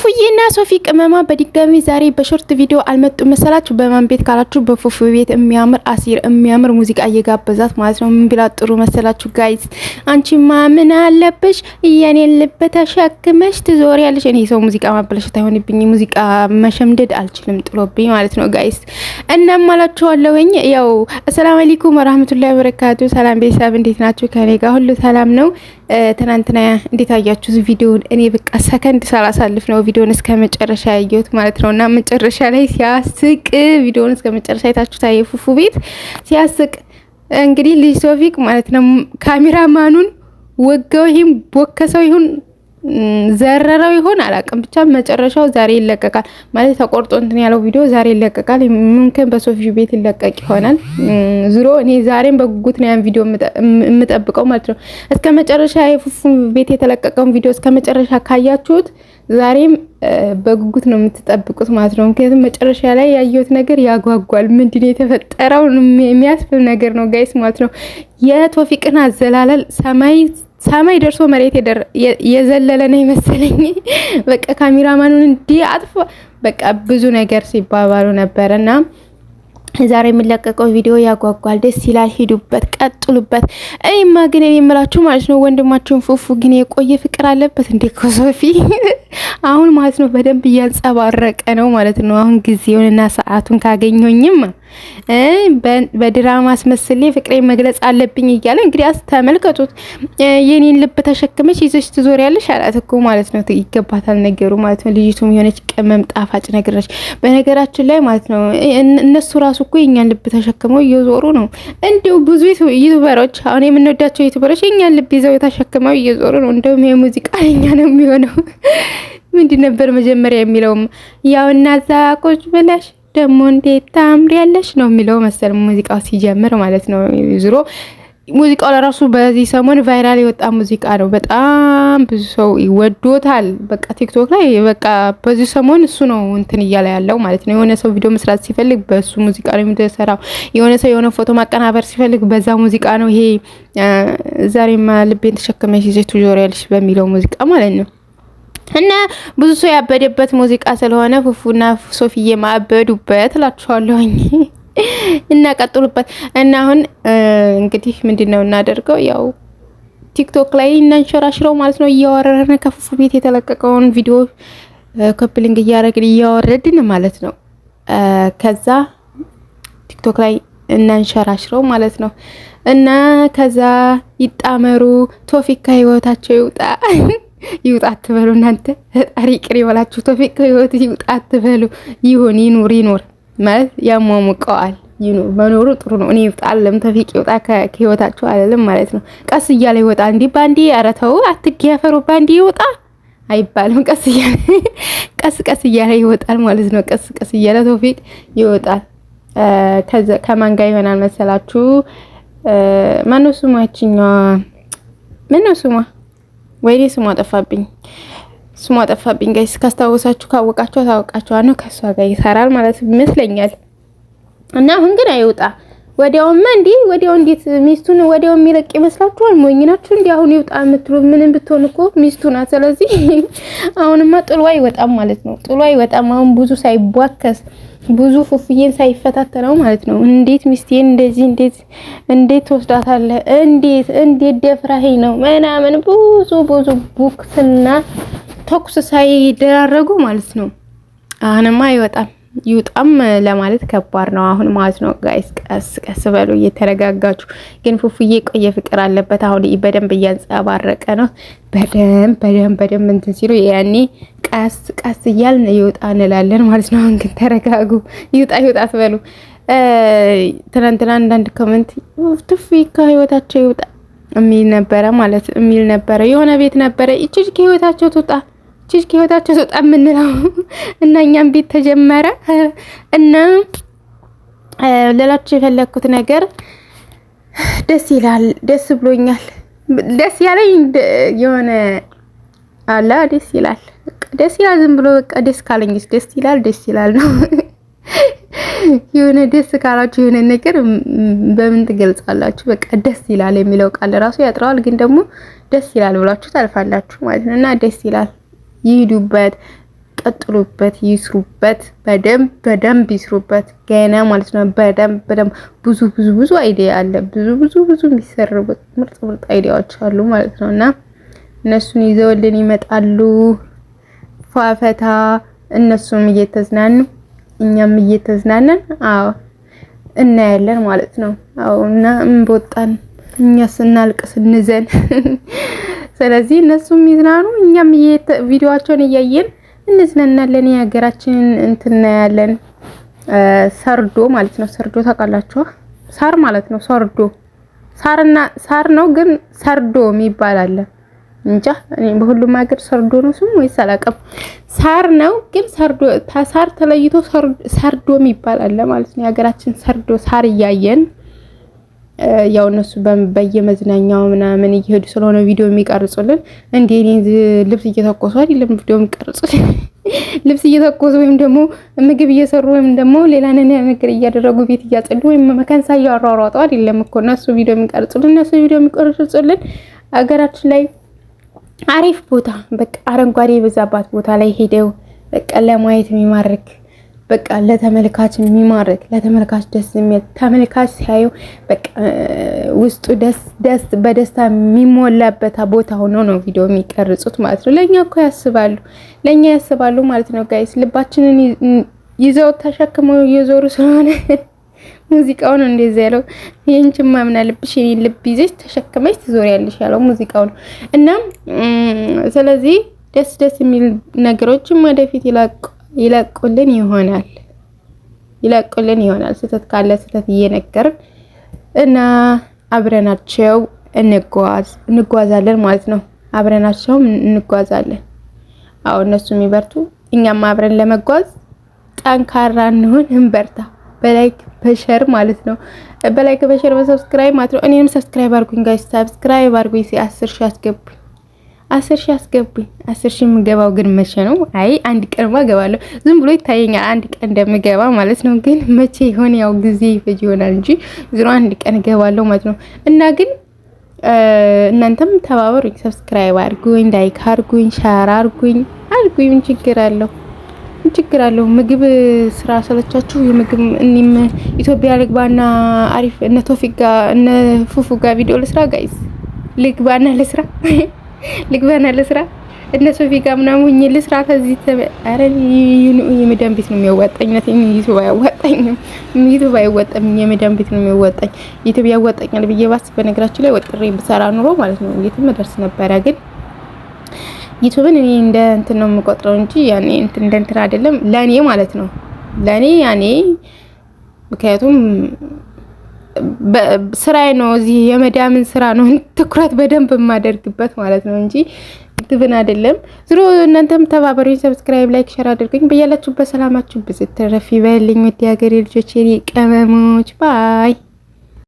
ፉዬና ሶፊ ቅመማ በድጋሚ ዛሬ በሾርት ቪዲዮ አልመጡ መሰላችሁ። በማን ቤት ካላችሁ በፉፉ ቤት የሚያምር አሲር የሚያምር ሙዚቃ እየጋበዛት ማለት ነው። ምን ቢላ ጥሩ መሰላችሁ ጋይዝ? አንቺማ ምን አለብሽ እየኔን ልብ ተሸክመሽ ያለሽ። እኔ ሰው ሙዚቃ ማበላሸት አይሆንብኝ፣ ሙዚቃ መሸምደድ አልችልም፣ ጥሎብኝ ማለት ነው ጋይዝ። እናም አላችኋለሁኝ ያው አሰላም አለይኩም ወራህመቱላሂ ወበረካቱ። ሰላም ቤተሰብ እንዴት ናችሁ? ከኔ ጋር ሁሉ ሰላም ነው። ትናንትና እንዴት አያችሁ ቪዲዮውን? እኔ በቃ ሰከንድ ሳላሳልፍ ነው ቪዲዮን እስከ መጨረሻ ያየሁት ማለት ነው እና መጨረሻ ላይ ሲያስቅ ቪዲዮን እስከ መጨረሻ የታችሁ ታየ ፉፉ ቤት ሲያስቅ እንግዲህ ልጅ ቶፊቅ ማለት ነው ካሜራማኑን ወገው ይህም ቦከሰው ይሁን ዘረረው ይሆን አላውቅም። ብቻ መጨረሻው ዛሬ ይለቀቃል ማለት ተቆርጦ እንትን ያለው ቪዲዮ ዛሬ ይለቀቃል። ምንክን በሶፊ ቤት ይለቀቅ ይሆናል። ዝሮ እኔ ዛሬም በጉጉት ነው ያን ቪዲዮ የምጠብቀው ማለት ነው። እስከ መጨረሻ የፉፉ ቤት የተለቀቀውን ቪዲዮ እስከ መጨረሻ ካያችሁት ዛሬም በጉጉት ነው የምትጠብቁት ማለት ነው። ምክንያቱም መጨረሻ ላይ ያየሁት ነገር ያጓጓል። ምንድን የተፈጠረው የሚያስብል ነገር ነው ጋይስ ማለት ነው። የቶፊቅን አዘላለል ሰማይ ሰማይ ደርሶ መሬት የዘለለ ነው ይመስለኝ። በቃ ካሜራማኑን እንዲህ አጥፎ በቃ ብዙ ነገር ሲባባሉ ነበረ እና ዛሬ የሚለቀቀው ቪዲዮ ያጓጓል፣ ደስ ይላል። ሂዱበት፣ ቀጥሉበት። እኔማ ግን እኔ የምላችሁ ማለት ነው ወንድማችሁን ፉፉ ግን የቆየ ፍቅር አለበት እንዴ ከሶፊ አሁን ማለት ነው በደንብ እያንጸባረቀ ነው ማለት ነው። አሁን ጊዜውንና ሰዓቱን ካገኘኝም በድራማ አስመስሌ ፍቅሬ መግለጽ አለብኝ እያለ እንግዲህ ተመልከቱት። የኔን ልብ ተሸክመች ይዘች ትዞሪያለሽ አላት እኮ ማለት ነው። ይገባታል ነገሩ ማለት ነው። ልጅቱም የሆነች ቅመም ጣፋጭ ነገር ነች። በነገራችን ላይ ማለት ነው እነሱ ራሱ እኮ የኛን ልብ ተሸክመው እየዞሩ ነው። እንዲሁ ብዙ ዩቱበሮች፣ አሁን የምንወዳቸው ዩቱበሮች የኛን ልብ ይዘው ተሸክመው እየዞሩ ነው። እንደውም የሙዚቃ ለኛ ነው የሚሆነው። ምንድን ነበር መጀመሪያ የሚለውም ያው እናዛ ቁጭ ብለሽ ደግሞ እንዴት ታምሪያለሽ ነው የሚለው መሰል ሙዚቃ ሲጀምር ማለት ነው። ዝሮ ሙዚቃው ለራሱ በዚህ ሰሞን ቫይራል የወጣ ሙዚቃ ነው። በጣም ብዙ ሰው ይወዶታል። በቃ ቲክቶክ ላይ በቃ በዚህ ሰሞን እሱ ነው እንትን እያለ ያለው ማለት ነው። የሆነ ሰው ቪዲዮ መስራት ሲፈልግ በሱ ሙዚቃ ነው የሚሰራው። የሆነ ሰው የሆነ ፎቶ ማቀናበር ሲፈልግ በዛ ሙዚቃ ነው። ይሄ ዛሬማ ልቤን ተሸክመሽ ይዘሽ ትዞሪያለሽ በሚለው ሙዚቃ ማለት ነው። እና ብዙ ሰው ያበደበት ሙዚቃ ስለሆነ ፉፉና ሶፊዬ ማበዱበት እላችኋለሁኝ። እና ቀጥሉበት። እና አሁን እንግዲህ ምንድነው እናደርገው ያው ቲክቶክ ላይ እናንሸራሽረው ማለት ነው። እያወረድን ከፉፉ ቤት የተለቀቀውን ቪዲዮ ኮፕሊንግ እያደረግን እያወረድን ማለት ነው። ከዛ ቲክቶክ ላይ እናንሸራሽረው ማለት ነው። እና ከዛ ይጣመሩ ቶፊክ ከህይወታቸው ይውጣ። ይውጣ አትበሉ እናንተ ፈጣሪ ቅሪ ይበላችሁ። ተፊቅ ህይወት ይውጣ አትበሉ። ይሁን ይኑር ይኑር ማለት ያሟሙቀዋል። ይኑር መኖሩ ጥሩ ነው። እኔ ይውጣ አለም ተፊቅ ይውጣ ከህይወታችሁ አለም ማለት ነው። ቀስ እያለ ይወጣ እንዲ ባንዲ ያረተው አትገፈሩ ባንዲ ይውጣ አይባልም። ቀስ እያለ ቀስ ቀስ እያለ ይወጣል ማለት ነው። ቀስ ቀስ እያለ ተፊቅ ይወጣል። ከማን ጋር ይሆናል መሰላችሁ? ማነው ስሟ? ይችኛዋ ምነው ስሟ? ወይኔ ስሟ ጠፋብኝ፣ ስሟ ጠፋብኝ። ጋይስ ካስታወሳችሁ ካወቃችሁ ታወቃችሁ ነው። ከሷ ጋር ይሰራል ማለት ይመስለኛል። እና አሁን ግን አይውጣ ወዲያውማ እንዲ ወዲያው እንዴት ሚስቱን ወዲያው የሚለቅ ይመስላችኋል? ሞኝ ናችሁ። እንዲ አሁን ይውጣ የምትሉ ምንም ብትሆን እኮ ሚስቱ ናት። ስለዚህ አሁንማ ጥሎ አይወጣም ማለት ነው። ጥሎ አይወጣም አሁን ብዙ ሳይቧከስ ብዙ ፉፉዬን ሳይፈታተነው ማለት ነው። እንዴት ሚስቴን እንደዚህ እንዴት እንዴት ትወስዳታለህ? እንዴት እንዴት ደፍራሄ ነው ምናምን ብዙ ብዙ ቡክስና ተኩስ ሳይደራረጉ ማለት ነው። አሁንማ አይወጣም ይውጣም ለማለት ከባድ ነው አሁን ማለት ነው። ጋይስ ቀስ ቀስ በሉ እየተረጋጋችሁ ግን ፉፉዬ ቆየ ፍቅር አለበት አሁን በደንብ እያንጸባረቀ ነው። በደንብ በደንብ በደንብ እንትን ሲሉ ያኔ ቀስ ቀስ እያልን ይውጣ እንላለን ማለት ነው። አሁን ግን ተረጋጉ፣ ይውጣ ይውጣ አትበሉ። ትናንትና አንዳንድ ኮመንት ትፊ ከህይወታቸው ይውጣ የሚል ነበረ ማለት የሚል ነበረ። የሆነ ቤት ነበረ እችጅ ከህይወታቸው ትውጣ እችጅ ከህይወታቸው ትውጣ የምንለው እና እኛም ቤት ተጀመረ እና ሌላችሁ የፈለግኩት ነገር ደስ ይላል። ደስ ብሎኛል። ደስ ያለኝ የሆነ አላ ደስ ይላል። ደስ ይላል። ዝም ብሎ በቃ ደስ ካለኝስ ደስ ይላል፣ ደስ ይላል ነው። የሆነ ደስ ካላችሁ የሆነ ነገር በምን ትገልጻላችሁ? በቃ ደስ ይላል የሚለው ቃል ራሱ ያጥረዋል፣ ግን ደግሞ ደስ ይላል ብላችሁ ታልፋላችሁ ማለት ነው። እና ደስ ይላል። ይሂዱበት፣ ቀጥሉበት፣ ይስሩበት። በደንብ በደንብ ይስሩበት ገና ማለት ነው። በደንብ በደንብ ብዙ ብዙ ብዙ አይዲያ አለ። ብዙ ብዙ ብዙ የሚሰሩ ምርጥ ምርጥ አይዲያዎች አሉ ማለት ነው እና እነሱን ይዘውልን ይመጣሉ። ፏፈታ እነሱም እየተዝናኑ እኛም እየተዝናነን አዎ እናያለን ማለት ነው። አዎ እና እንቦጣን እኛ ስናልቅ ስንዘን፣ ስለዚህ እነሱም ይዝናኑ እኛም ቪዲዮአቸውን እያየን እንዝናናለን። የሀገራችንን እንትን እናያለን። ሰርዶ ማለት ነው። ሰርዶ ታውቃላችሁ? ሳር ማለት ነው። ሰርዶ ሳርና ሳር ነው፣ ግን ሰርዶ የሚባል አለ። እንጃ እኔ በሁሉም ሀገር ሰርዶ ነው ስሙ ወይስ አላውቅም። ሳር ነው ግን ሰርዶ ሳር ተለይቶ ሰርዶም ይባላል ማለት ነው። የሀገራችን ሰርዶ ሳር እያየን ያው እነሱ በየመዝናኛው ምናምን እየሄዱ ስለሆነ ቪዲዮ የሚቀርጹልን እንዴ እኔ ልብስ እየተኮሱ አይደለም ቪዲዮ የሚቀርጹልን ልብስ እየተኮሱ ወይም ደግሞ ምግብ እየሰሩ ወይም ደግሞ ሌላ ነገር እያደረጉ ቤት እያጸዱ ወይም መከንሳ እያሯሯጡ አይደለም እኮ እነሱ ቪዲዮ የሚቀርጹልን እነሱ ቪዲዮ የሚቀርጹልን አገራችን ላይ አሪፍ ቦታ በቃ አረንጓዴ የበዛባት ቦታ ላይ ሄደው በቃ ለማየት የሚማርክ በቃ ለተመልካች የሚማርክ ለተመልካች ደስ የሚል ተመልካች ሲያየው በቃ ውስጡ ደስ ደስ በደስታ የሚሞላበት ቦታ ሆኖ ነው ቪዲዮ የሚቀርጹት ማለት ነው። ለእኛ እኮ ያስባሉ፣ ለእኛ ያስባሉ ማለት ነው። ጋይስ ልባችንን ይዘው ተሸክመው እየዞሩ ስለሆነ ሙዚቃውን እንደዚህ ያለው የእንጅማ ምን አለብሽ የኔ ልብ ይዘሽ ተሸክመሽ ትዞሪያለሽ ያለው ሙዚቃው ነው። እናም ስለዚህ ደስ ደስ የሚል ነገሮችን ወደፊት ይለቁልን ይሆናል ይለቁልን ይሆናል። ስህተት ካለ ስህተት እየነገርን እና አብረናቸው እንጓዝ እንጓዛለን ማለት ነው። አብረናቸውም እንጓዛለን። አዎ እነሱ የሚበርቱ እኛም አብረን ለመጓዝ ጠንካራ እንሆን እንበርታ። በላይክ በሸር ማለት ነው። በላይክ በሸር በሰብስክራይብ ማለት ነው። እኔንም ሰብስክራይብ አርጉኝ ጋይስ፣ ሰብስክራይብ አርጉኝ። ሲ 10 ሺህ አስገቡኝ፣ 10 ሺህ አስገቡኝ። 10 ሺህ የምገባው ግን መቼ ነው? አይ አንድ ቀንማ እገባለሁ። ዝም ብሎ ይታየኛል አንድ ቀን እንደምገባ ማለት ነው። ግን መቼ ይሆን? ያው ጊዜ ይፈጅ ይሆናል እንጂ ዝሮ አንድ ቀን እገባለሁ ማለት ነው እና ግን እናንተም ተባበሩኝ፣ ሰብስክራይብ አርጉኝ፣ ላይክ አርጉኝ፣ ሻር አርጉኝ አርጉኝ። ምን ችግር አለው? ችግር አለው። ምግብ ስራ ሰለቻችሁ። የምግብ እኔም ኢትዮጵያ ልግባና አሪፍ እነ ቶፊክ ጋ እነ ፉፉ ጋ ቪዲዮ ልስራ ጋይስ ልግባና ልስራ፣ ልግባና ልስራ፣ እነ ሶፊ ጋ ምናምን ሁኝ ልስራ። ከዚህ ኧረ የመዳን ቤት ነው የሚያዋጣኝ ነት ዩቱብ አያዋጣኝም። ዩቱብ አይወጣም። የመዳን ቤት ነው የሚያዋጣኝ። ዩቱብ ያዋጣኛል ብዬ ባስ በነገራችሁ ላይ ወጥሬ ብሰራ ኑሮ ማለት ነው የትም ደርስ ነበረ ግን ዩቱብን እኔ እንደ እንትን ነው የምቆጥረው እንጂ ያኔ እንደ እንትን አይደለም ለእኔ ማለት ነው። ለእኔ ያኔ ምክንያቱም ስራዬ ነው። እዚህ የመዳምን ስራ ነው ትኩረት በደንብ የማደርግበት ማለት ነው እንጂ ዩቱብን አይደለም። ዝሮ እናንተም ተባበሩ ሰብስክራይብ፣ ላይክ፣ ሸር አድርጉኝ። በያላችሁበት ሰላማችሁ ብዝትረፍ ይበልኝ። ውድ የሀገሬ ልጆች፣ የኔ ቀመሞች ባይ